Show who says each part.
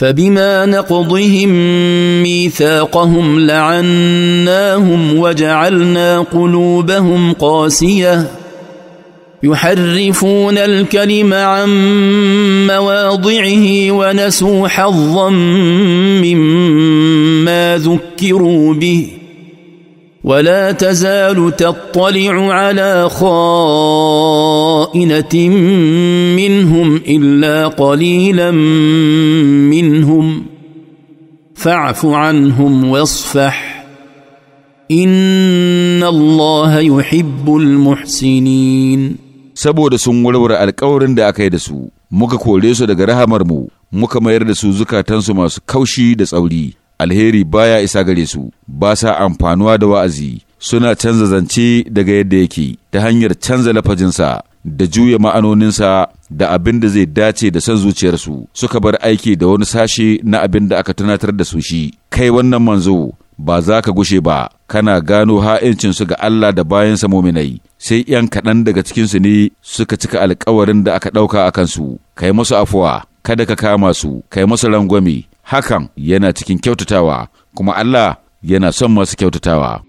Speaker 1: فبما نقضهم ميثاقهم لعناهم وجعلنا قلوبهم قاسيه يحرفون الكلم عن مواضعه ونسوا حظا مما ذكروا به ولا تزال تطلع على خائنه منهم الا قليلا منهم فاعف عنهم واصفح ان الله يحب المحسنين
Speaker 2: saboda sun warware alkawarin da aka yi da su muka kore su daga rahamarmu muka mayar da su zukatansu masu kaushi da tsauri alheri baya isa gare su ba sa amfanuwa da wa'azi suna canza zance daga yadda yake ta hanyar canza lafajinsa da juya ma'anoninsa da abin da zai dace da son zuciyarsu suka bar aiki da wani sashe na abin da aka tunatar da su shi kai wannan manzo ba za ka gushe ba kana gano ha'incinsu ga Allah da bayansa muminai sai ‘yan kaɗan daga cikinsu ne suka cika alkawarin da aka ɗauka a kansu kai musu afuwa kada ka kama su kai musu rangwame hakan yana cikin kyautatawa kuma Allah yana son masu kyautatawa.